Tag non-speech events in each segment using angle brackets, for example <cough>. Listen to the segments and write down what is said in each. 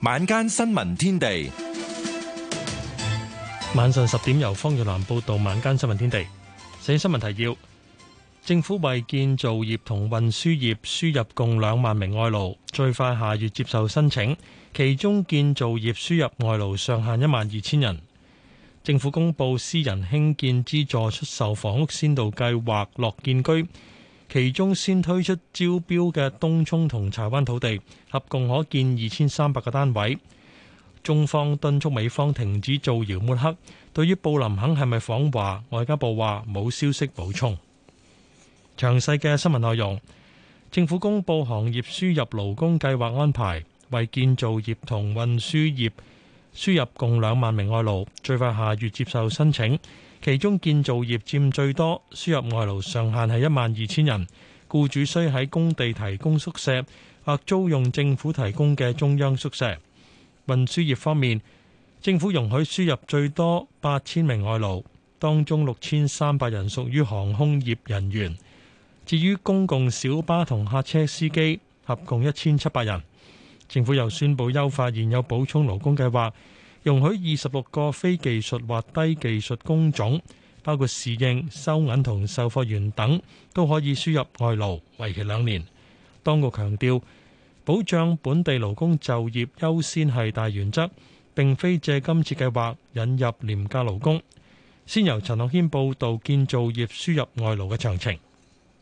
晚間新聞天地，晚上十點由方若蘭報道。晚間新聞天地，先新聞提要：政府為建造業同運輸業輸入共兩萬名外勞，最快下月接受申請。其中建造業輸入外勞上限一萬二千人。政府公布私人興建資助出售房屋先導計劃，樂建居。其中先推出招標嘅東涌同柴灣土地，合共可建二千三百個單位。中方敦促美方停止造謠抹黑。對於布林肯係咪訪華，外交部話冇消息補充。詳細嘅新聞內容，政府公布行業輸入勞工計劃安排，為建造業同運輸業輸入共兩萬名外勞，最快下月接受申請。其中建造業佔最多，輸入外勞上限係一萬二千人，雇主需喺工地提供宿舍或租用政府提供嘅中央宿舍。運輸業方面，政府容許輸入最多八千名外勞，當中六千三百人屬於航空業人員。至於公共小巴同客車司機，合共一千七百人。政府又宣布優化現有補充勞工計劃，容許二十六個非技術或低技術工種，包括侍應、收銀同售貨員等，都可以輸入外勞，為期兩年。當局強調，保障本地勞工就業優先係大原則，並非借今次計劃引入廉價勞工。先由陳樂軒報道，建造業輸入外勞嘅詳情。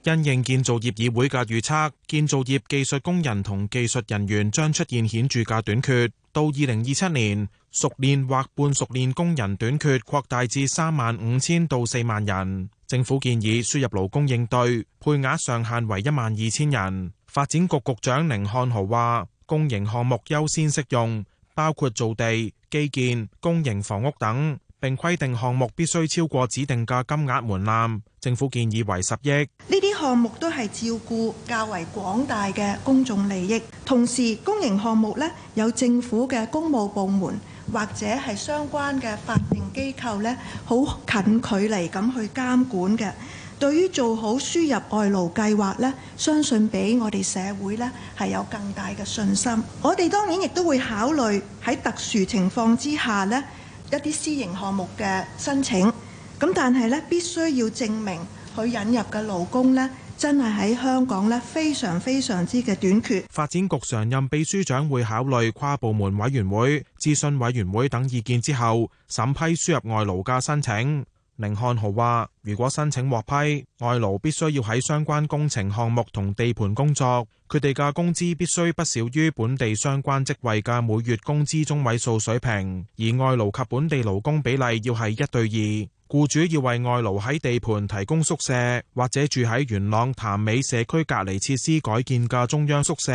因應建造業議會嘅預測，建造業技術工人同技術人員將出現顯著嘅短缺。到二零二七年，熟練或半熟練工人短缺擴大至三萬五千到四萬人。政府建議輸入勞工應對，配額上限為一萬二千人。發展局局長甯漢豪話：公營項目優先適用，包括造地、基建、公營房屋等。並規定項目必須超過指定嘅金額門檻，政府建議為十億。呢啲項目都係照顧較為廣大嘅公眾利益，同時公營項目呢，有政府嘅公務部門或者係相關嘅法定機構呢，好近距離咁去監管嘅。對於做好輸入外勞計劃呢，相信俾我哋社會呢係有更大嘅信心。我哋當然亦都會考慮喺特殊情況之下呢。一啲私營項目嘅申請，咁但係呢必須要證明佢引入嘅勞工呢真係喺香港呢非常非常之嘅短缺。發展局常任秘書長會考慮跨部門委員會、諮詢委員會等意見之後，審批輸入外勞嘅申請。甯漢豪話：如果申請獲批，外勞必須要喺相關工程項目同地盤工作，佢哋嘅工資必須不少於本地相關職位嘅每月工資中位數水平，而外勞及本地勞工比例要係一對二。僱主要為外勞喺地盤提供宿舍，或者住喺元朗潭尾社區隔離設施改建嘅中央宿舍。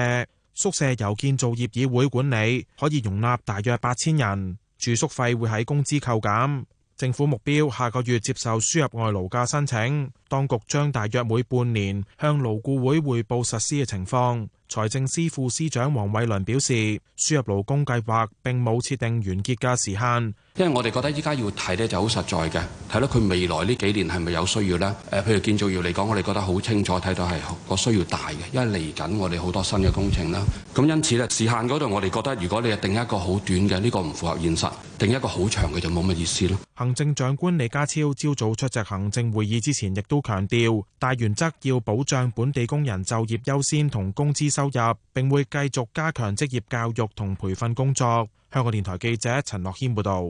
宿舍由建造業議會管理，可以容納大約八千人，住宿費會喺工資扣減。政府目標下個月接受輸入外勞嘅申請，當局將大約每半年向勞顧會匯報實施嘅情況。財政司副司長黃偉綸表示，輸入勞工計劃並冇設定完結嘅時限。因為我哋覺得依家要睇呢就好實在嘅，睇到佢未來呢幾年係咪有需要呢？誒，譬如建造業嚟講，我哋覺得好清楚，睇到係個需要大嘅，因為嚟緊我哋好多新嘅工程啦。咁因此咧，時限嗰度我哋覺得，如果你係定一個好短嘅，呢個唔符合現實；定一個好長嘅就冇乜意思啦。行政長官李家超朝早出席行政會議之前，亦都強調，大原則要保障本地工人就業優先同工資收入，並會繼續加強職業教育同培訓工作。香港電台記者陳樂謙報道，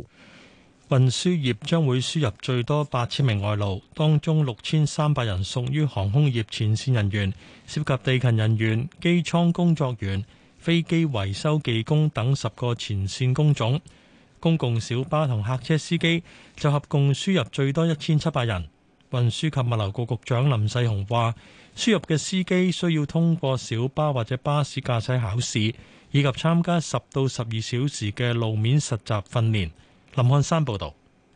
運輸業將會輸入最多八千名外勞，當中六千三百人屬於航空業前線人員，涉及地勤人員、機艙工作員、飛機維修技工等十個前線工種。公共小巴同客車司機就合共輸入最多一千七百人。運輸及物流局局長林世雄話，輸入嘅司機需要通過小巴或者巴士駕駛考試，以及參加十到十二小時嘅路面實習訓練。林漢山報導。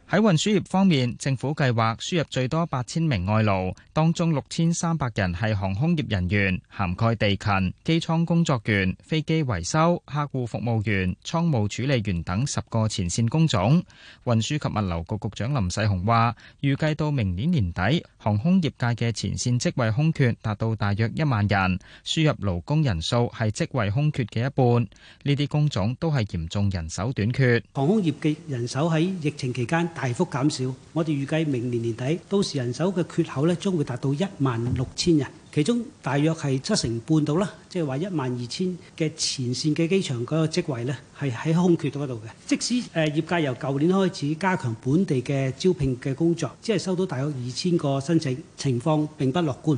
喺運輸業方面，政府計劃輸入最多八千名外勞，當中六千三百人係航空業人員，涵蓋地勤、機艙工作員、飛機維修、客戶服務員、倉務處理員等十個前線工種。運輸及物流局局長林世雄話，預計到明年年底，航空業界嘅前線職位空缺達到大約一萬人，輸入勞工人數係職位空缺嘅一半。呢啲工種都係嚴重人手短缺。航空業嘅人手喺疫情期間。大幅減少，我哋預計明年年底到時人手嘅缺口咧，將會達到一萬六千人，其中大約係七成半到啦，即係話一萬二千嘅前線嘅機場嗰個職位咧，係喺空缺度嘅。即使誒業界由舊年開始加強本地嘅招聘嘅工作，只係收到大約二千個申請，情況並不樂觀。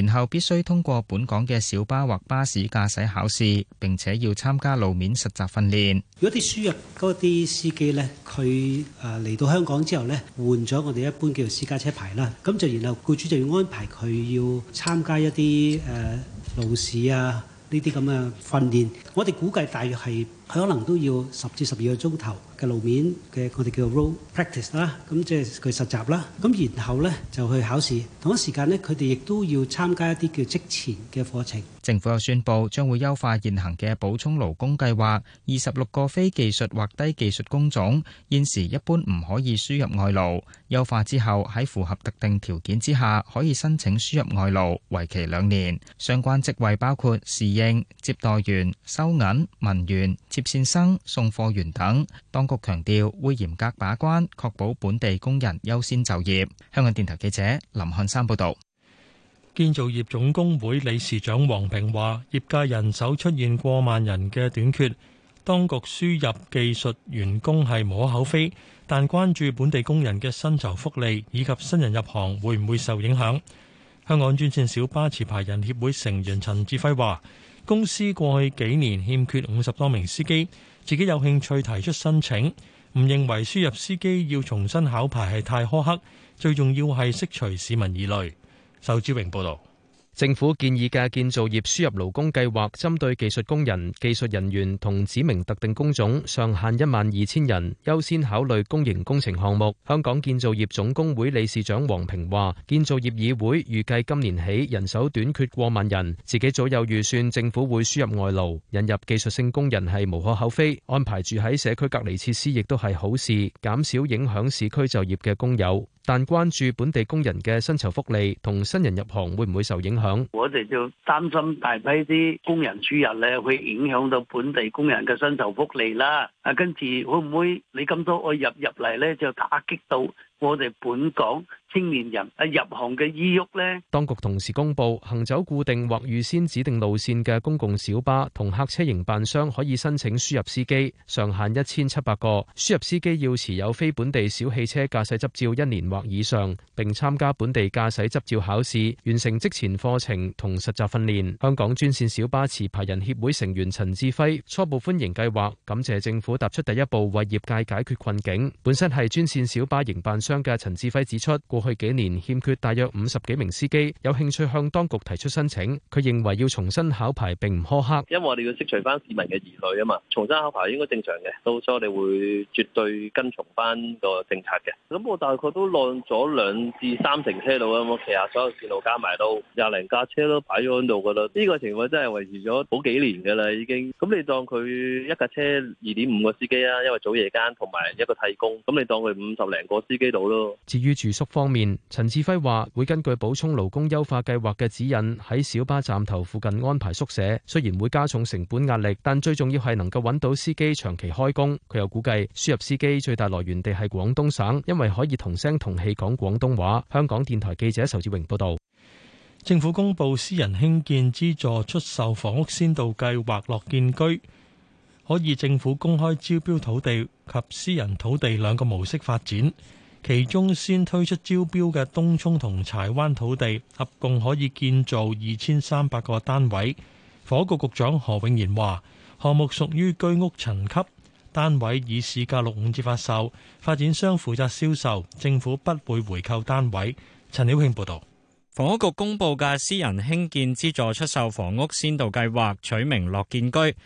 然後必須通過本港嘅小巴或巴士駕駛考試，並且要參加路面實習訓練。如果啲輸入嗰啲司機呢，佢誒嚟到香港之後呢，換咗我哋一般叫私家車牌啦，咁就然後僱主就要安排佢要參加一啲誒、呃、路試啊呢啲咁嘅訓練。我哋估計大約係佢可能都要十至十二個鐘頭。路面嘅我哋叫做 road practice 啦，咁即係佢實習啦，咁然後咧就去考試，同一時間咧，佢哋亦都要參加一啲叫職前嘅課程。政府又宣布，將會優化現行嘅補充勞工計劃，二十六個非技術或低技術工種，現時一般唔可以輸入外勞，優化之後喺符合特定條件之下，可以申請輸入外勞，為期兩年。相關職位包括侍應、接待員、收銀、文員、接線生、送貨員等。當局強調會嚴格把關，確保本地工人優先就業。香港電台記者林漢山報道。建造業總工會理事長黃平話：業界人手出現過萬人嘅短缺，當局輸入技術員工係無可厚非，但關注本地工人嘅薪酬福利以及新人入行會唔會受影響。香港專線小巴持牌人協會成員陳志輝話：公司過去幾年欠缺五十多名司機，自己有興趣提出申請，唔認為輸入司機要重新考牌係太苛刻，最重要係釋除市民疑慮。仇志榮報道，政府建議嘅建造業輸入勞工計劃，針對技術工人、技術人員同指明特定工種，上限一萬二千人，優先考慮公營工程項目。香港建造業總工會理事長黃平話，建造業議會預計今年起人手短缺過萬人，自己早有預算，政府會輸入外勞，引入技術性工人係無可厚非。安排住喺社區隔離設施亦都係好事，減少影響市區就業嘅工友。但關注本地工人嘅薪酬福利同新人入行會唔會受影響？我哋就擔心大批啲工人出入咧，會影響到本地工人嘅薪酬福利啦。啊，跟住會唔會你咁多我入入嚟咧，就打擊到我哋本港青年人啊，入行嘅意欲咧。當局同時公布行走固定或預先指定路線嘅公共小巴同客車營辦商可以申請輸入司機，上限一千七百個。輸入司機要持有非本地小汽車駕駛執照一年或以上，並參加本地駕駛執照考試，完成職前課程同實習訓練。香港專線小巴持牌人協會成員陳志輝，初步歡迎計劃，感謝政府。會踏出第一步，為業界解決困境。本身係專線小巴營辦商嘅陳志輝指出，過去幾年欠缺大約五十幾名司機，有興趣向當局提出申請。佢認為要重新考牌並唔苛刻，因為我哋要釋除翻市民嘅疑慮啊嘛。重新考牌應該正常嘅，到時我哋會絕對跟從翻個政策嘅。咁我大概都浪咗兩至三成車路啊，我旗下所有線路加埋都廿零架車都擺咗喺度噶啦。呢個情況真係維持咗好幾年噶啦，已經。咁你當佢一架車二點五。個司機啊，因為早夜間同埋一個替工，咁你當佢五十零個司機度咯。至於住宿方面，陳志輝話會根據補充勞工優化計劃嘅指引，喺小巴站頭附近安排宿舍。雖然會加重成本壓力，但最重要係能夠揾到司機長期開工。佢又估計輸入司機最大來源地係廣東省，因為可以同聲同氣講廣東話。香港電台記者仇志榮報道。政府公布私人興建資助出售房屋先導計劃樂建居。可以政府公開招標土地及私人土地兩個模式發展，其中先推出招標嘅東涌同柴灣土地，合共可以建造二千三百個單位。房屋局局長何永賢話，項目屬於居屋層級單位，以市價六五折發售，發展商負責銷售，政府不會回購單位。陳曉慶報道。房屋局公布嘅私人興建資助出售房屋先導計劃取名樂建居。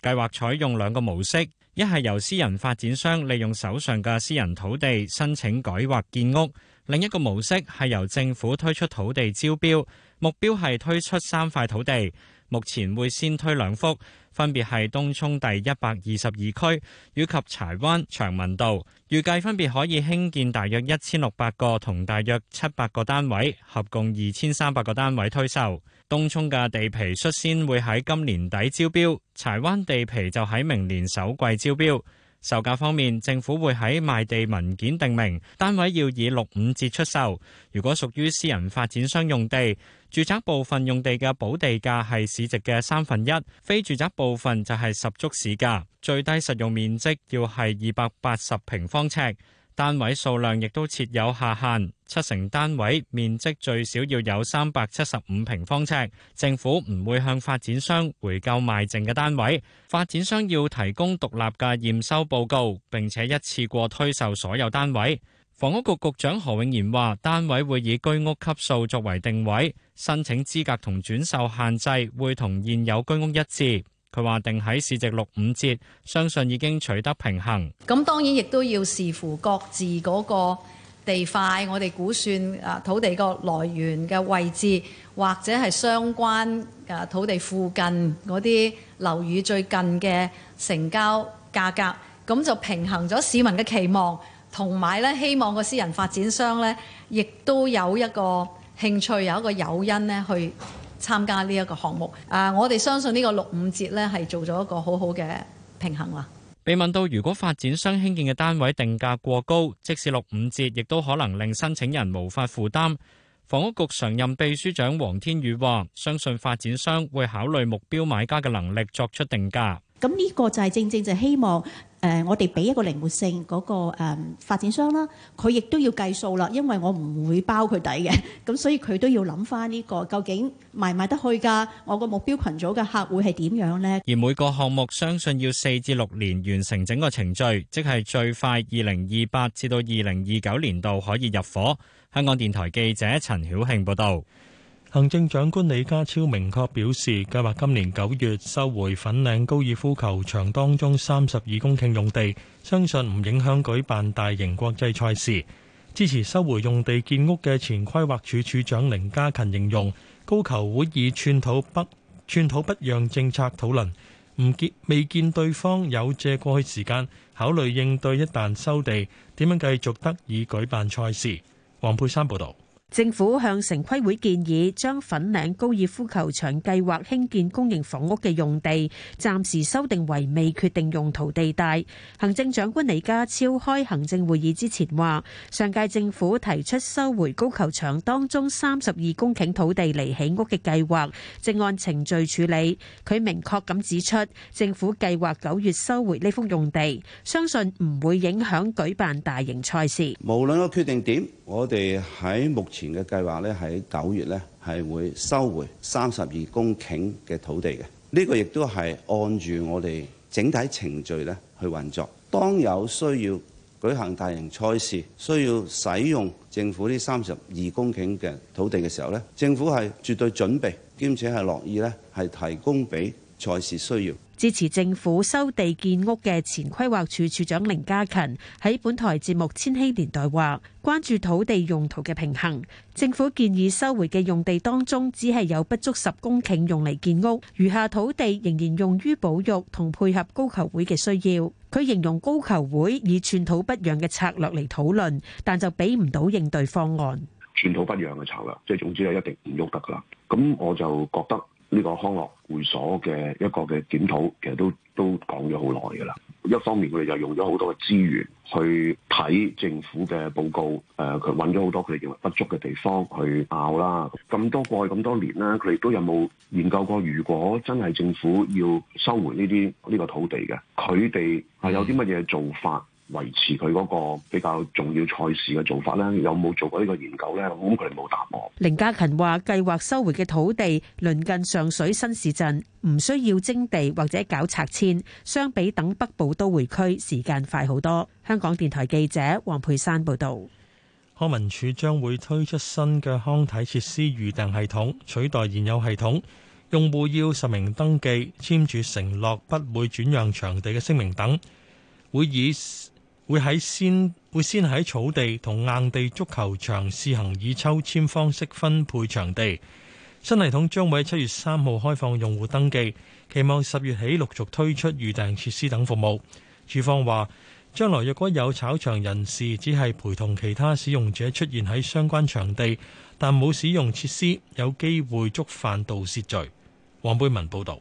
計劃採用兩個模式，一係由私人發展商利用手上嘅私人土地申請改劃建屋；另一個模式係由政府推出土地招標，目標係推出三塊土地。目前會先推兩幅，分別係東涌第一百二十二區以及柴灣長文道，預計分別可以興建大約一千六百個同大約七百個單位，合共二千三百個單位推售。東涌嘅地皮率先會喺今年底招標，柴灣地皮就喺明年首季招標。售價方面，政府會喺賣地文件定明單位要以六五折出售。如果屬於私人發展商用地，住宅部分用地嘅補地價係市值嘅三分一，非住宅部分就係十足市價。最低實用面積要係二百八十平方尺。單位數量亦都設有下限，七成單位面積最少要有三百七十五平方尺。政府唔會向發展商回購賣剩嘅單位，發展商要提供獨立嘅驗收報告，並且一次過推售所有單位。房屋局局長何永賢話，單位會以居屋級數作為定位，申請資格同轉售限制會同現有居屋一致。佢話定喺市值六五折，相信已經取得平衡。咁當然亦都要視乎各自嗰個地塊，我哋估算啊土地個來源嘅位置，或者係相關啊土地附近嗰啲樓宇最近嘅成交價格，咁就平衡咗市民嘅期望，同埋呢希望個私人發展商呢亦都有一個興趣，有一個誘因呢去參加呢一個項目啊！Uh, 我哋相信個呢個六五折咧係做咗一個好好嘅平衡啊，被問到如果發展商興建嘅單位定價過高，即使六五折，亦都可能令申請人無法負擔，房屋局常任秘書長黃天宇話：相信發展商會考慮目標買家嘅能力作出定價。咁呢個就係正正就希望。誒，我哋俾一個靈活性嗰個誒發展商啦，佢亦都要計數啦，因為我唔會包佢底嘅，咁所以佢都要諗翻呢個究竟賣唔賣得去㗎？我個目標群組嘅客戶係點樣呢？而每個項目相信要四至六年完成整個程序，即係最快二零二八至到二零二九年度可以入夥。香港電台記者陳曉慶報道。行政長官李家超明確表示，計劃今年九月收回粉嶺高爾夫球場當中三十二公頃用地，相信唔影響舉辦大型國際賽事。支持收回用地建屋嘅前規劃署署長凌家勤形容，高球會以寸土不寸土不讓政策討論，唔見未見對方有借過去時間考慮應對，一旦收地，點樣繼續得以舉辦賽事？黃佩珊報道。政府向城規會建議將粉嶺高爾夫球場計劃興建公營房屋嘅用地暫時修訂為未決定用途地帶。行政長官李家超開行政會議之前話，上屆政府提出收回高球場當中三十二公頃土地嚟起屋嘅計劃正按程序處理。佢明確咁指出，政府計劃九月收回呢幅用地，相信唔會影響舉辦大型賽事，無論個決定點我哋喺目前嘅計劃咧，喺九月咧係會收回三十二公頃嘅土地嘅。呢個亦都係按住我哋整體程序咧去運作。當有需要舉行大型賽事，需要使用政府呢三十二公頃嘅土地嘅時候咧，政府係絕對準備，兼且係樂意咧係提供俾。才是需要支持政府收地建屋嘅前規劃署署長凌家勤喺本台節目千禧年代話，關注土地用途嘅平衡。政府建議收回嘅用地當中，只係有不足十公頃用嚟建屋，餘下土地仍然用於保育同配合高球會嘅需要。佢形容高球會以寸土不讓嘅策略嚟討論，但就俾唔到應對方案。寸土不讓嘅策略，即係總之就一定唔喐得噶啦。咁我就覺得。呢個康樂會所嘅一個嘅檢討，其實都都講咗好耐㗎啦。一方面，佢哋就用咗好多嘅資源去睇政府嘅報告，誒、呃，佢揾咗好多佢哋認為不足嘅地方去拗啦。咁多過去咁多年啦，佢哋都有冇研究過？如果真係政府要收回呢啲呢個土地嘅，佢哋係有啲乜嘢做法？維持佢嗰個比較重要賽事嘅做法呢，有冇做過呢個研究呢？咁佢冇答我。凌家勤話：計劃收回嘅土地鄰近上水新市鎮，唔需要徵地或者搞拆遷，相比等北部都會區時間快好多。香港電台記者黃佩珊報導。康文署將會推出新嘅康體設施預訂系統，取代現有系統，用戶要實名登記，簽署承諾不會轉讓場地嘅聲明等，會以。會喺先會先喺草地同硬地足球場試行以抽籤方式分配場地。新系統將會喺七月三號開放用戶登記，期望十月起陸續推出預訂設施等服務。處方話，將來若果有炒場人士只係陪同其他使用者出現喺相關場地，但冇使用設施，有機會觸犯盜竊罪。黃貝文報導。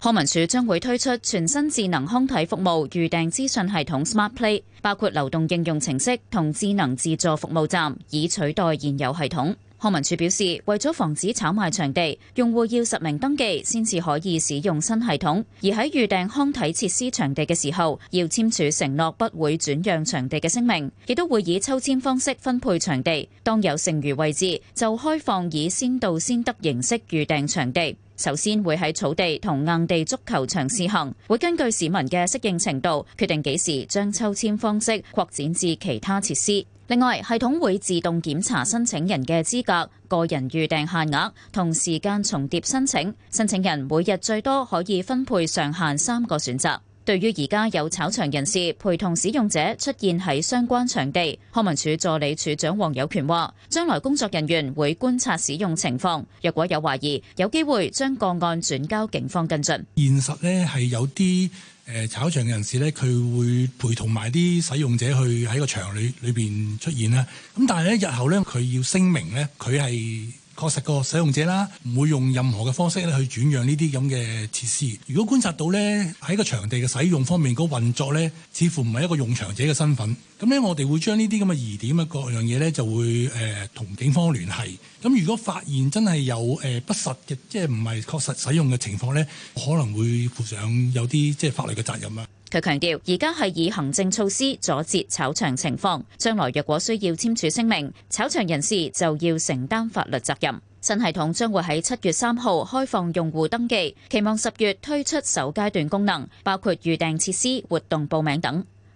康文署將會推出全新智能康體服務預訂資訊系統 SmartPlay，包括流動應用程式同智能自助服務站，以取代現有系統。康文署表示，為咗防止炒賣場地，用戶要實名登記先至可以使用新系統，而喺預訂康體設施場地嘅時候，要簽署承諾不會轉讓場地嘅聲明，亦都會以抽簽方式分配場地。當有剩餘位置，就開放以先到先得形式預訂場地。首先會喺草地同硬地足球場試行，會根據市民嘅適應程度，決定幾時將抽簽方式擴展至其他設施。另外，系統會自動檢查申請人嘅資格、個人預訂限額同時間重疊申請。申請人每日最多可以分配上限三個選擇。對於而家有炒場人士陪同使用者出現喺相關場地，康文署助理署長黃友權話：將來工作人員會觀察使用情況，若果有懷疑，有機會將個案轉交警方跟進。現實呢係有啲誒，炒場人士呢，佢會陪同埋啲使用者去喺個場裏裏邊出現啦。咁但係咧，日後呢，佢要聲明呢，佢係。確實個使用者啦，唔會用任何嘅方式去轉讓呢啲咁嘅設施。如果觀察到咧，喺個場地嘅使用方面，個運作咧，似乎唔係一個用場者嘅身份。咁咧，我哋會將呢啲咁嘅疑點啊，各樣嘢咧就會誒同警方聯繫。咁如果發現真係有誒不實嘅，即係唔係確實使用嘅情況咧，可能會負上有啲即係法律嘅責任啊。佢強調，而家係以行政措施阻截炒場情況。將來若果需要簽署聲明，炒場人士就要承擔法律責任。新系統將會喺七月三號開放用戶登記，期望十月推出首階段功能，包括預訂設施、活動報名等。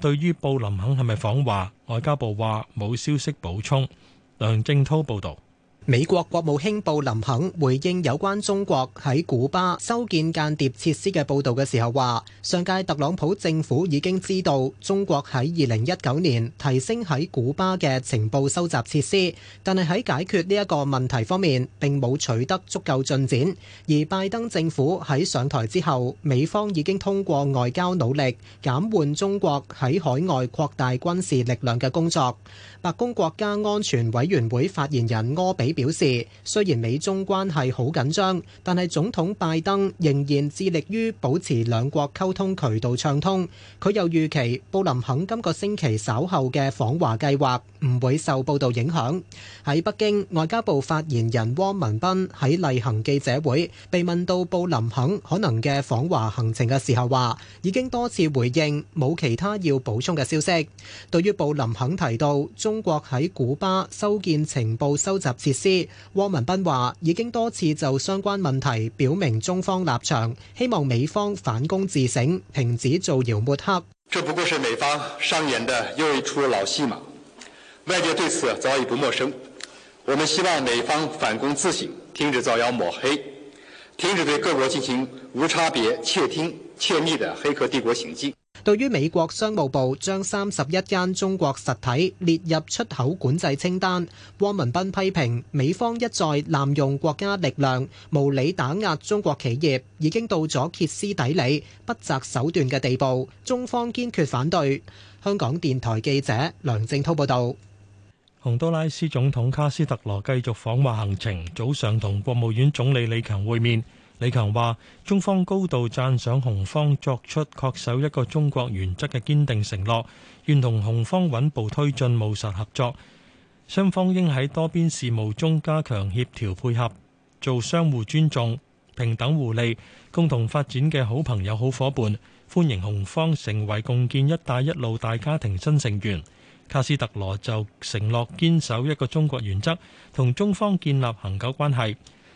對於布林肯係咪訪華，外交部話冇消息補充。梁正濤報導。美國國務卿布林肯回應有關中國喺古巴修建間諜設施嘅報道嘅時候話，上屆特朗普政府已經知道中國喺二零一九年提升喺古巴嘅情報收集設施，但係喺解決呢一個問題方面並冇取得足夠進展。而拜登政府喺上台之後美方已經通過外交努力減緩中國喺海外擴大軍事力量嘅工作。白宮國家安全委員會發言人柯比。表示，雖然美中關係好緊張，但係總統拜登仍然致力於保持兩國溝通渠道暢通。佢又預期布林肯今個星期稍後嘅訪華計劃唔會受報道影響。喺北京，外交部發言人汪文斌喺例行記者會被問到布林肯可能嘅訪華行程嘅時候，話已經多次回應冇其他要補充嘅消息。對於布林肯提到中國喺古巴修建情報收集設施，汪文斌話，已經多次就相關問題表明中方立場，希望美方反躬自省，停止造謠抹黑。這不過是美方上演的又一出老戲碼，外界對此早已不陌生。我們希望美方反躬自省，停止造謠抹黑，停止對各國進行無差別竊聽竊密的黑客帝國行徑。對於美國商務部將三十一間中國實體列入出口管制清單，汪文斌批評美方一再濫用國家力量，無理打壓中國企業，已經到咗歇斯底里、不擇手段嘅地步，中方堅決反對。香港電台記者梁正滔報導。洪都拉斯總統卡斯特羅繼續訪華行程，早上同國務院總理李強會面。李強話：中方高度讚賞紅方作出恪守一個中國原則嘅堅定承諾，願同紅方穩步推進務實合作。雙方應喺多邊事務中加強協,協調配合，做相互尊重、平等互利、共同發展嘅好朋友、好伙伴。歡迎紅方成為共建「一帶一路」大家庭新成員。卡斯特羅就承諾堅守一個中國原則，同中方建立恒久關係。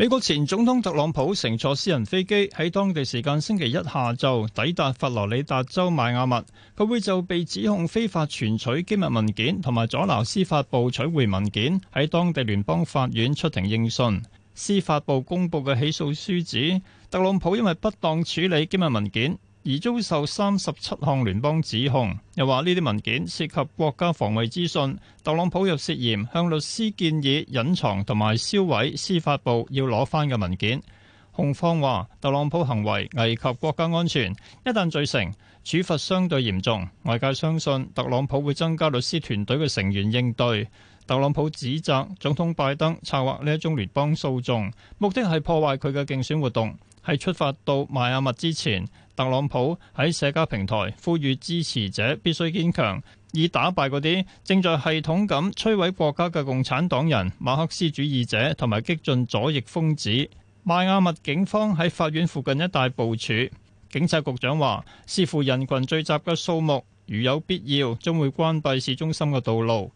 美國前總統特朗普乘坐私人飛機喺當地時間星期一下晝抵達佛羅里達州邁阿密，佢會就被指控非法存取機密文件同埋阻撓司法部取回文件喺當地聯邦法院出庭應訊。司法部公布嘅起訴書指，特朗普因為不當處理機密文件。而遭受三十七項聯邦指控，又話呢啲文件涉及國家防衛資訊，特朗普又涉嫌向律師建議隱藏同埋銷毀司法部要攞翻嘅文件。控方話，特朗普行為危及國家安全，一旦罪成，處罰相對嚴重。外界相信特朗普會增加律師團隊嘅成員應對，特朗普指責總統拜登策劃呢一宗聯邦訴訟，目的係破壞佢嘅競選活動，喺出發到邁阿密之前。特朗普喺社交平台呼籲支持者必須堅強，以打敗嗰啲正在系統咁摧毀國家嘅共產黨人、馬克思主義者同埋激進左翼瘋子。邁阿密警方喺法院附近一帶部署，警察局長話，視乎人群聚集嘅數目，如有必要，將會關閉市中心嘅道路。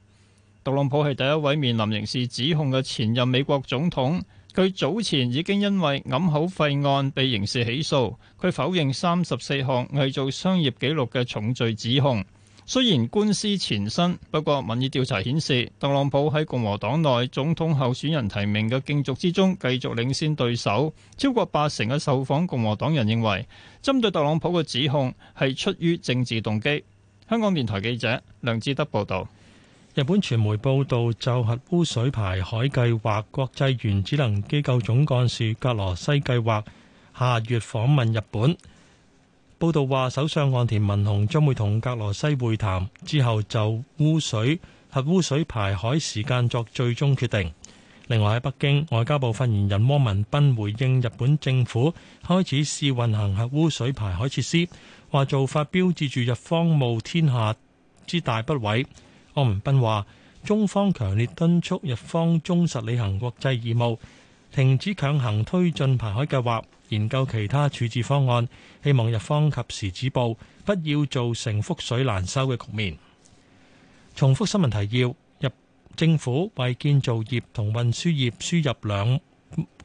特朗普係第一位面臨刑事指控嘅前任美國總統。佢早前已經因為掩口費案被刑事起訴，佢否認三十四項偽造商業記錄嘅重罪指控。雖然官司纏身，不過民意調查顯示，特朗普喺共和黨內總統候選人提名嘅競逐之中繼續領先對手，超過八成嘅受訪共和黨人認為針對特朗普嘅指控係出於政治動機。香港電台記者梁志德報導。日本傳媒報道，就核污水排海計劃，國際原子能機構總幹事格羅西計劃下月訪問日本。報道話，首相岸田文雄將會同格羅西會談，之後就污水核污水排海時間作最終決定。另外喺北京，外交部發言人汪文斌回應日本政府開始試運行核污水排海設施，話做法標誌住日方冒天下之大不韙。汪文斌話：中方強烈敦促日方忠實履行國際義務，停止強行推進排海計劃，研究其他處置方案，希望日方及時止步，不要造成覆水難收嘅局面。重複新聞提要：日政府為建造業同運輸業輸入兩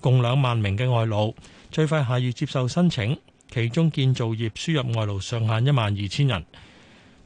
共兩萬名嘅外勞，最快下月接受申請，其中建造業輸入外勞上限一萬二千人。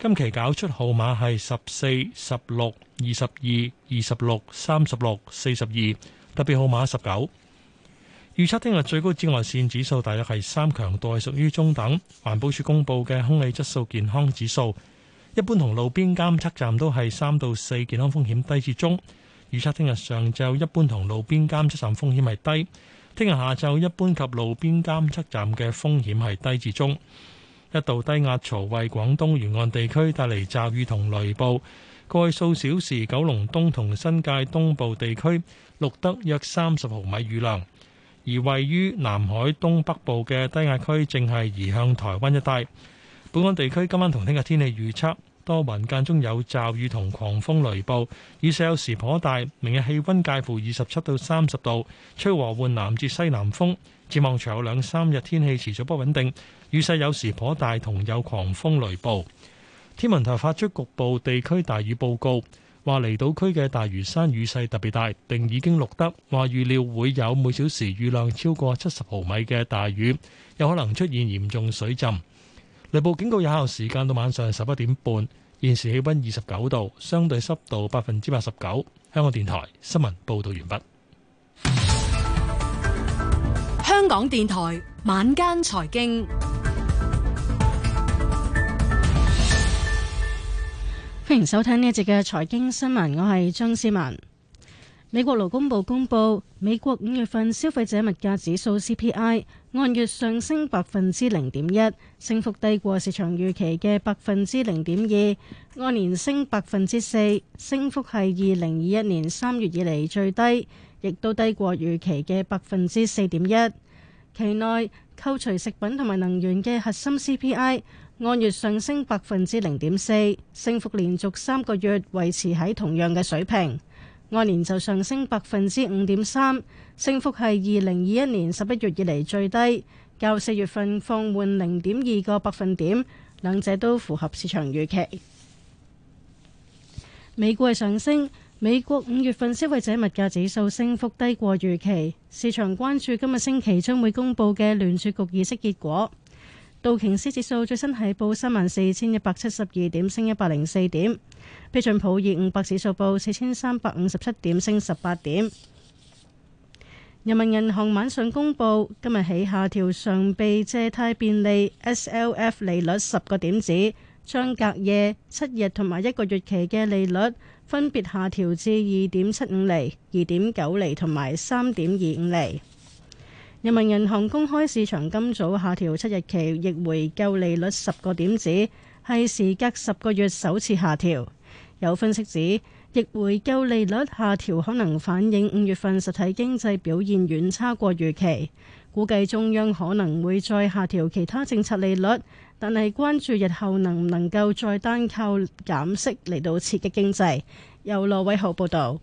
今期攪出號碼係十四、十六、二十二、二十六、三十六、四十二，特別號碼十九。預測聽日最高紫外線指數大約係三，強度係屬於中等。環保署公布嘅空氣質素健康指數，一般同路邊監測站都係三到四，健康風險低至中。預測聽日上晝一般同路邊監測站風險係低，聽日下晝一般及路邊監測站嘅風險係低至中。一度低壓槽為廣東沿岸地區帶嚟驟雨同雷暴，過去數小時，九龍東同新界東部地區錄得約三十毫米雨量。而位於南海東北部嘅低壓區正係移向台灣一帶。本港地區今晚同聽日天氣預測，多雲間中有驟雨同狂風雷暴，雨勢有時頗大。明日氣溫介乎二十七到三十度，吹和緩南至西南風，展望隨後兩三日天氣持續不穩定。雨勢有時頗大，同有狂風雷暴。天文台發出局部地區大雨報告，話離島區嘅大嶼山雨勢特別大，並已經錄得，話預料會有每小時雨量超過七十毫米嘅大雨，有可能出現嚴重水浸。雷暴警告有效時間到晚上十一點半。現時氣溫二十九度，相對濕度百分之八十九。香港電台新聞報道完畢。香港電台晚間財經。歡迎收聽呢一節嘅財經新聞，我係張思文。美國勞工部公佈，美國五月份消費者物價指數 CPI 按月上升百分之零點一，升幅低過市場預期嘅百分之零點二，按年升百分之四，升幅係二零二一年三月以嚟最低，亦都低過預期嘅百分之四點一。期內扣除食品同埋能源嘅核心 CPI。按月上升百分之零點四，升幅連續三個月維持喺同樣嘅水平。按年就上升百分之五點三，升幅係二零二一年十一月以嚟最低，較四月份放緩零點二個百分點。兩者都符合市場預期。美國上升，美國五月份消費者物價指數升幅低過預期，市場關注今個星期將會公布嘅聯儲局議息結果。道瓊斯指數最新係報三萬四千一百七十二點，升一百零四點。標準普爾五百指數報四千三百五十七點，升十八點。人民銀行晚上公布，今日起下調常備借貸便利 （SLF） 利率十個點子，將隔夜、七日同埋一個月期嘅利率分別下調至二點七五厘、二點九厘同埋三點二五厘。人民銀行公開市場今早下調七日期逆回購利率十個點子，係時隔十個月首次下調。有分析指，逆回購利率下調可能反映五月份實體經濟表現遠差過預期，估計中央可能會再下調其他政策利率，但係關注日後能唔能夠再單靠減息嚟到刺激經濟。由羅偉豪報道。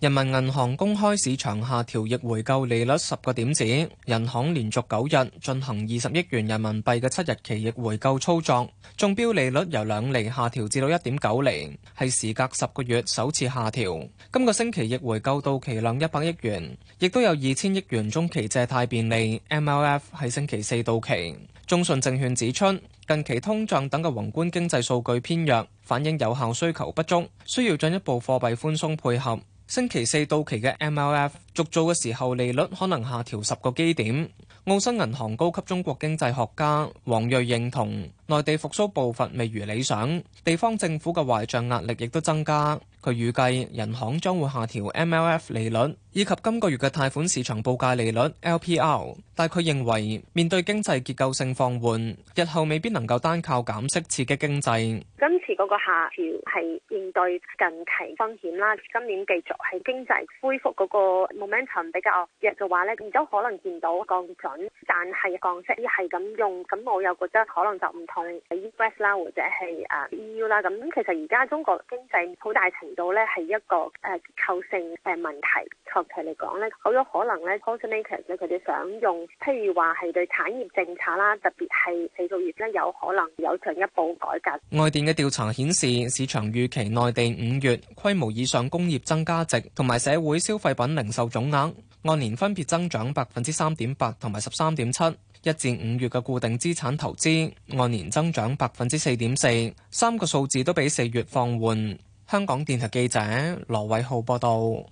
人民銀行公開市場下調逆回購利率十個點子，人行連續九日進行二十億元人民幣嘅七日期逆回購操作，中標利率由兩厘下調至到一點九厘，係時隔十個月首次下調。今個星期逆回購到期量一百億元，亦都有二千億元中期借貸便利 （MLF） 喺星期四到期。中信證券指出，近期通脹等嘅宏觀經濟數據偏弱，反映有效需求不足，需要進一步貨幣寬鬆配合。星期四到期嘅 MLF 續做嘅時候，利率可能下調十個基點。澳新銀行高級中國經濟學家王睿認同，內地復甦步伐未如理想，地方政府嘅壞賬壓力亦都增加。佢預計人行將會下調 MLF 利率。以及今個月嘅貸款市場報價利率 LPR，但佢認為面對經濟結構性放緩，日後未必能夠單靠減息刺激經濟。今次嗰個下調係應對近期風險啦，今年繼續喺經濟恢復嗰個 momentum 比較弱嘅話呢亦都可能見到降準，但係降息係咁用，咁我又覺得可能就唔同喺 US 啦或者係誒 EU 啦咁。其實而家中國經濟好大程度咧係一個誒結構性誒問題。其嚟講咧，好有可能咧 c o n 佢哋想用，譬如話係對產業政策啦，特別係四個月咧，有可能有進一步改革。外電嘅調查顯示，市場預期內地五月規模以上工業增加值同埋社會消費品零售總額按年分別增長百分之三點八同埋十三點七。一至五月嘅固定資產投資按年增長百分之四點四，三個數字都比四月放緩。香港電台記者羅偉浩報道。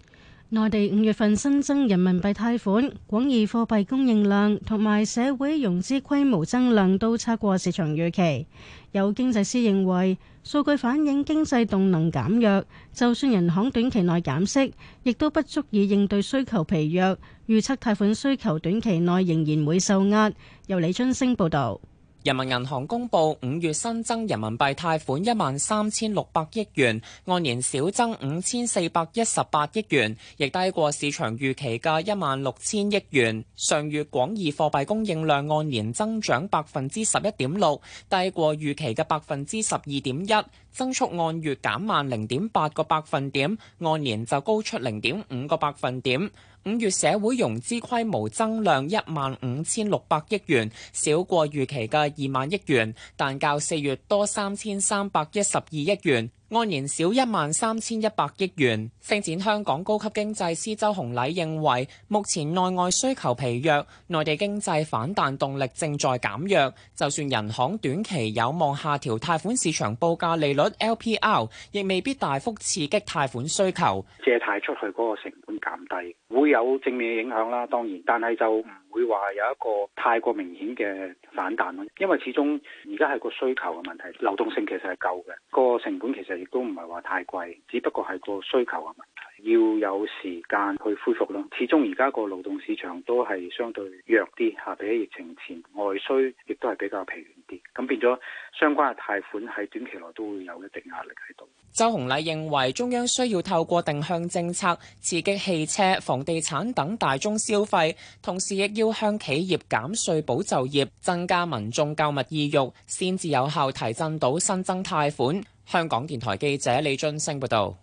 內地五月份新增人民幣貸款、廣義貨幣供應量同埋社會融資規模增量都差過市場預期。有經濟師認為數據反映經濟動能減弱，就算人行短期內減息，亦都不足以應對需求疲弱。預測貸款需求短期內仍然會受壓。由李春升報導。人民銀行公布五月新增人民幣貸款一萬三千六百億元，按年少增五千四百一十八億元，亦低過市場預期嘅一萬六千億元。上月廣義貨幣供應量按年增長百分之十一點六，低過預期嘅百分之十二點一，增速按月減慢零點八個百分點，按年就高出零點五個百分點。五月社會融資規模增量一萬五千六百億元，少過預期嘅二萬億元，但較四月多三千三百一十二億元。按年少一萬三千一百億元。星展香港高級經濟師周洪禮認為，目前內外需求疲弱，內地經濟反彈動力正在減弱。就算人行短期有望下調貸款市場報價利率 LPR，亦未必大幅刺激貸款需求。借貸出去嗰個成本減低，會有正面影響啦。當然，但係就。會話有一個太過明顯嘅反彈咯，因為始終而家係個需求嘅問題，流動性其實係夠嘅，個成本其實亦都唔係話太貴，只不過係個需求嘅問題。要有時間去恢復啦。始終而家個勞動市場都係相對弱啲嚇，下比起疫情前外需亦都係比較疲軟啲。咁變咗相關嘅貸款喺短期內都會有一定壓力喺度。周鴻禮認為中央需要透過定向政策刺激汽車、房地產等大宗消費，同時亦要向企業減稅保就業，增加民眾購物意欲，先至有效提振到新增貸款。香港電台記者李俊升報導。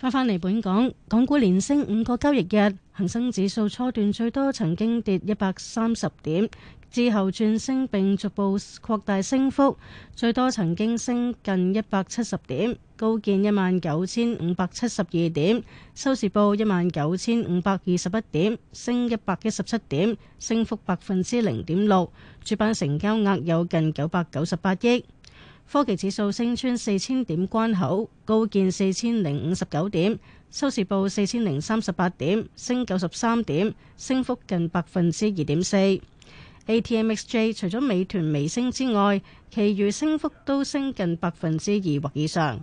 翻返嚟本港，港股連升五個交易日，恒生指數初段最多曾經跌一百三十點，之後轉升並逐步擴大升幅，最多曾經升近一百七十點，高見一萬九千五百七十二點，收市報一萬九千五百二十一點，升一百一十七點，升幅百分之零點六，主板成交額有近九百九十八億。科技指數升穿四千點關口，高見四千零五十九點，收市報四千零三十八點，升九十三點，升幅近百分之二點四。ATMXJ 除咗美團微升之外，其餘升幅都升近百分之二或以上。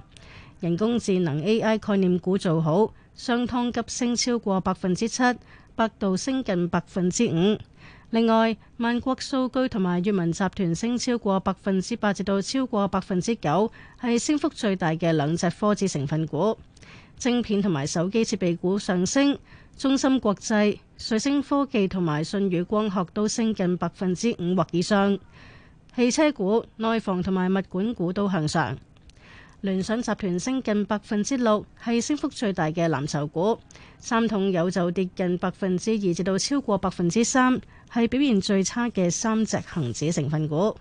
人工智能 AI 概念股做好，商湯急升超過百分之七，百度升近百分之五。另外，萬國數據同埋粵文集團升超過百分之八，至到超過百分之九，係升幅最大嘅兩隻科技成分股。晶片同埋手機設備股上升，中芯國際、瑞聲科技同埋信宇光學都升近百分之五或以上。汽車股、內房同埋物管股都向上。聯想集團升近百分之六，係升幅最大嘅藍籌股。三桶油就跌近百分之二，至到超過百分之三，係表現最差嘅三隻恒指成分股。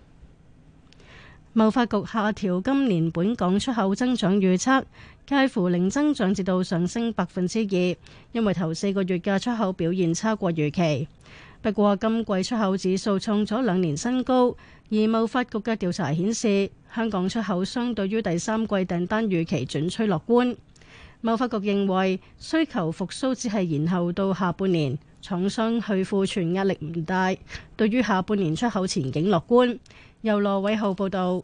貿發局下調今年本港出口增長預測，介乎零增長至到上升百分之二，因為頭四個月嘅出口表現差過預期。不過今季出口指數創咗兩年新高，而貿發局嘅調查顯示，香港出口商對於第三季訂單預期轉趨樂觀。貿發局認為需求復蘇只係延後到下半年，廠商去庫存壓力唔大，對於下半年出口前景樂觀。由羅偉浩報道，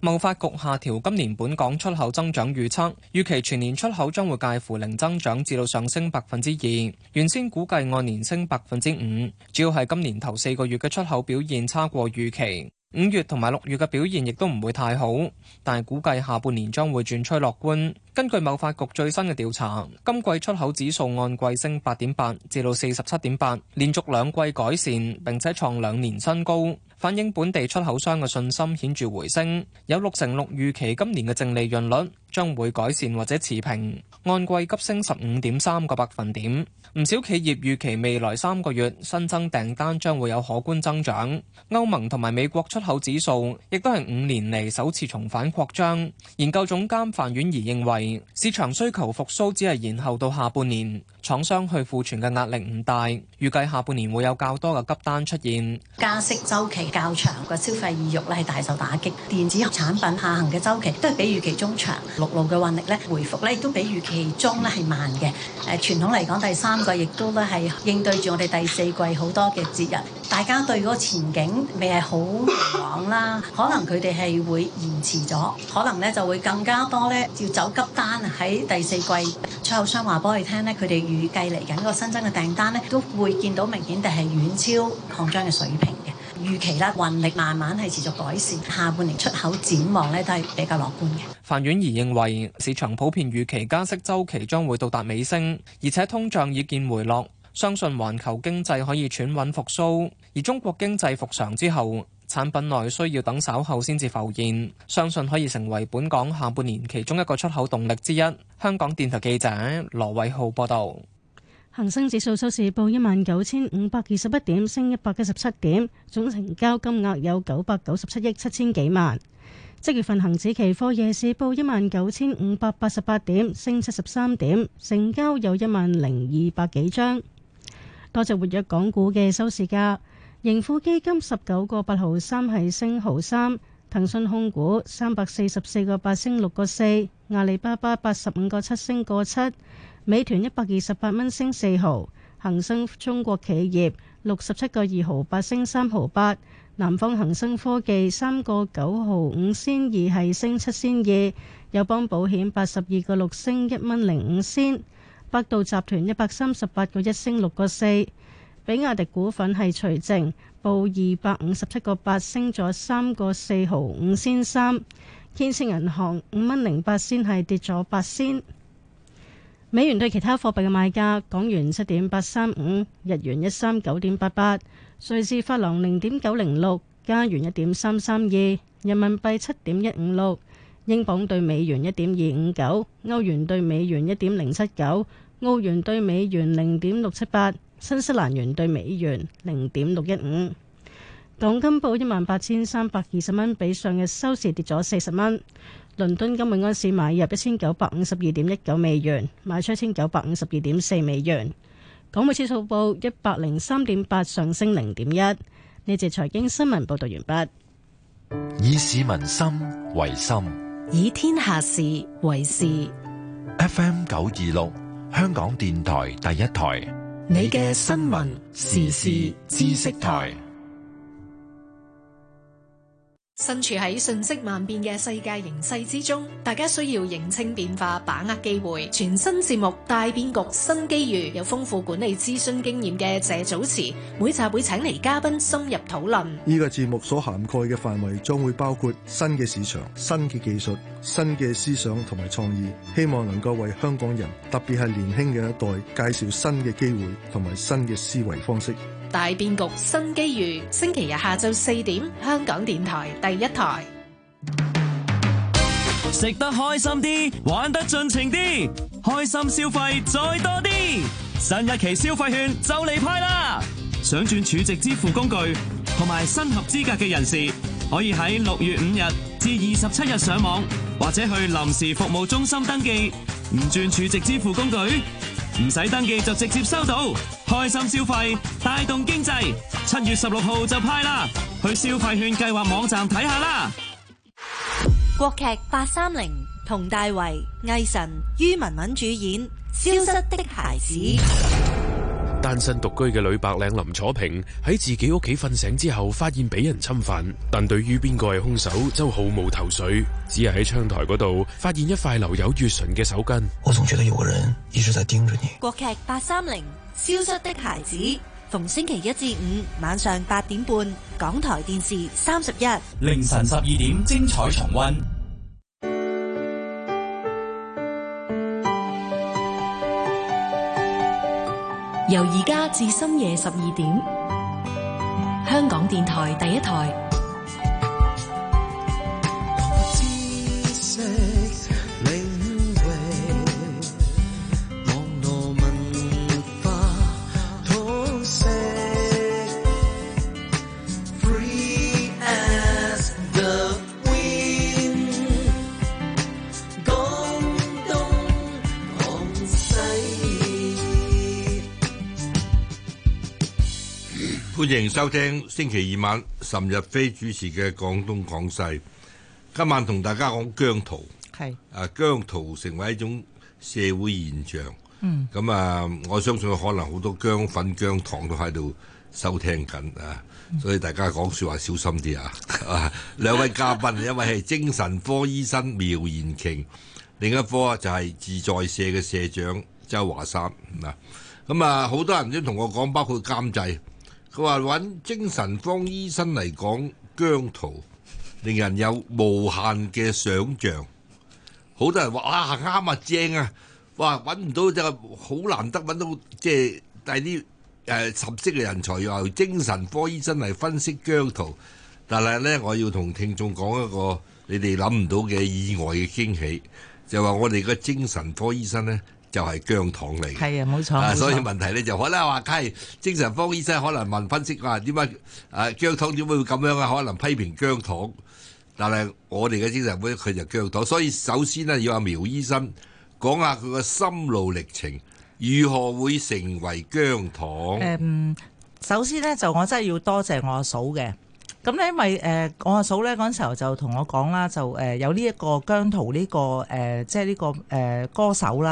貿發局下調今年本港出口增長預測，預期全年出口將會介乎零增長至到上升百分之二。原先估計按年升百分之五，主要係今年頭四個月嘅出口表現差過預期。五月同埋六月嘅表現亦都唔會太好，但係估計下半年將會轉趨樂觀。根據貿發局最新嘅調查，今季出口指數按季升八點八，至到四十七點八，連續兩季改善，並且創兩年新高，反映本地出口商嘅信心顯著回升。有六成六預期今年嘅淨利潤率將會改善或者持平。按季急升十五點三個百分點，唔少企業預期未來三個月新增訂單將會有可觀增長，歐盟同埋美國出口指數亦都係五年嚟首次重返擴張，研究總監范婉儀認為市場需求復蘇只係延後到下半年。廠商去庫存嘅壓力唔大，預計下半年會有較多嘅急單出現。加息周期較長，嘅消費意欲咧係大受打擊。電子產品下行嘅周期都係比預期中長，陸路嘅運力咧回復咧亦都比預期中咧係慢嘅。誒、呃、傳統嚟講第三季亦都咧係應對住我哋第四季好多嘅節日，大家對嗰個前景未係好明朗啦。可能佢哋係會延遲咗，可能咧就會更加多咧要走急單喺第四季。出口商話俾我哋聽咧，佢哋。預計嚟緊個新增嘅訂單咧，都會見到明顯地係遠超擴張嘅水平嘅預期啦。運力慢慢係持續改善，下半年出口展望咧都係比較樂觀嘅。范婉儀認為市場普遍預期加息週期將會到達尾聲，而且通脹已見回落，相信環球經濟可以喘穩復甦，而中國經濟復常之後，.產品內需要等稍後先至浮現，相信可以成為本港下半年其中一個出口動力之一。香港電台記者羅偉浩報道。恒生指數收市報一萬九千五百二十一點，升一百一十七點，總成交金額有九百九十七億七千幾萬。即月份恒指期貨夜市報一萬九千五百八十八點，升七十三點，成交有一萬零二百幾張。多隻活躍港股嘅收市價。盈富基金十九個八毫三係升毫三，騰訊控股三百四十四個八升六個四，阿里巴巴八十五個七升個七，美團一百二十八蚊升四毫，恒生中國企業六十七個二毫八升三毫八，南方恒生科技三個九毫五仙二係升七仙二，友邦保險八十二個六升一蚊零五仙，百度集團一百三十八個一升六個四。比亞迪股份係隨正報二百五十七個八，升咗三個四毫五仙三。建設銀行五蚊零八先係跌咗八仙。美元對其他貨幣嘅賣價：港元七點八三五，日元一三九點八八，瑞士法郎零點九零六，加元一點三三二，人民幣七點一五六，英鎊兌美元一點二五九，歐元兌美元一點零七九，澳元兌美元零點六七八。新西蘭元兌美元零點六一五，港金報一萬八千三百二十蚊，比上日收市跌咗四十蚊。倫敦金每安士買入一千九百五十二點一九美元，賣出一千九百五十二點四美元。港匯指數報一百零三點八，上升零點一。呢節財經新聞報道完畢。以市民心為心，以天下事為事。F.M. 九二六，香港電台第一台。你嘅新聞時事知識台。身處喺瞬息萬變嘅世界形勢之中，大家需要認清變化，把握機會。全新節目《大變局新機遇》，有豐富管理諮詢經驗嘅謝祖慈每集會請嚟嘉賓深入討論。呢個節目所涵蓋嘅範圍將會包括新嘅市場、新嘅技術、新嘅思想同埋創意，希望能夠為香港人，特別係年輕嘅一代，介紹新嘅機會同埋新嘅思維方式。大變局，新機遇。星期日下晝四點，香港電台第一台。食得開心啲，玩得盡情啲，開心消費再多啲。新一期消費券就嚟派啦！想轉儲值支付工具同埋新合資格嘅人士，可以喺六月五日至二十七日上網或者去臨時服務中心登記，唔轉儲值支付工具，唔使登記就直接收到，開心消費帶動經濟。七月十六號就派啦，去消費券計劃網站睇下啦。國劇八三零，佟大為、魏晨、於文文主演《消失的孩子》孩子。單身獨居嘅女白領林楚平喺自己屋企瞓醒之後，發現俾人侵犯，但對於邊個係兇手，就毫無頭緒。只係喺窗台嗰度發現一塊留有血唇嘅手巾。我總覺得有個人一直在盯著你。國劇八三零《消失的孩子》，逢星期一至五晚上八點半，港台電視三十一凌晨十二點，精彩重溫。由而家至深夜十二點，香港電台第一台。歡迎收聽星期二晚岑日飛主持嘅《廣東廣西》。今晚同大家講姜濤係是啊，姜濤成為一種社會現象。嗯，咁啊，我相信可能好多姜粉姜糖都喺度收聽緊啊，所以大家講說話小心啲啊。兩 <laughs> 位嘉賓，一位係精神科醫生苗延瓊， <laughs> 另一科就係自在社嘅社長周華山啊。咁啊，好、啊、多人都同我講，包括監製。佢話揾精神科醫生嚟講姜濤，令人有無限嘅想象。好多人話啊啱啊正啊，哇揾唔到就係好難得揾到，即係帶啲誒，識色嘅人才又精神科醫生嚟分析姜濤。但係咧，我要同聽眾講一個你哋諗唔到嘅意外嘅驚喜，就係話我哋嘅精神科醫生咧。就係姜糖嚟嘅，係啊，冇錯。所以問題咧就可能話，梗係精神科醫生可能問分析話點解誒姜糖點解會咁樣啊？可能批評姜糖，但係我哋嘅精神會佢就姜糖。所以首先咧要阿苗醫生講下佢嘅心路歷程，如何會成為姜糖誒？首先咧就我真係要多謝我阿嫂嘅咁咧，因為誒我阿嫂咧嗰陣時候就同我講啦，就誒有呢一個姜濤呢個誒，即係呢個誒歌手啦。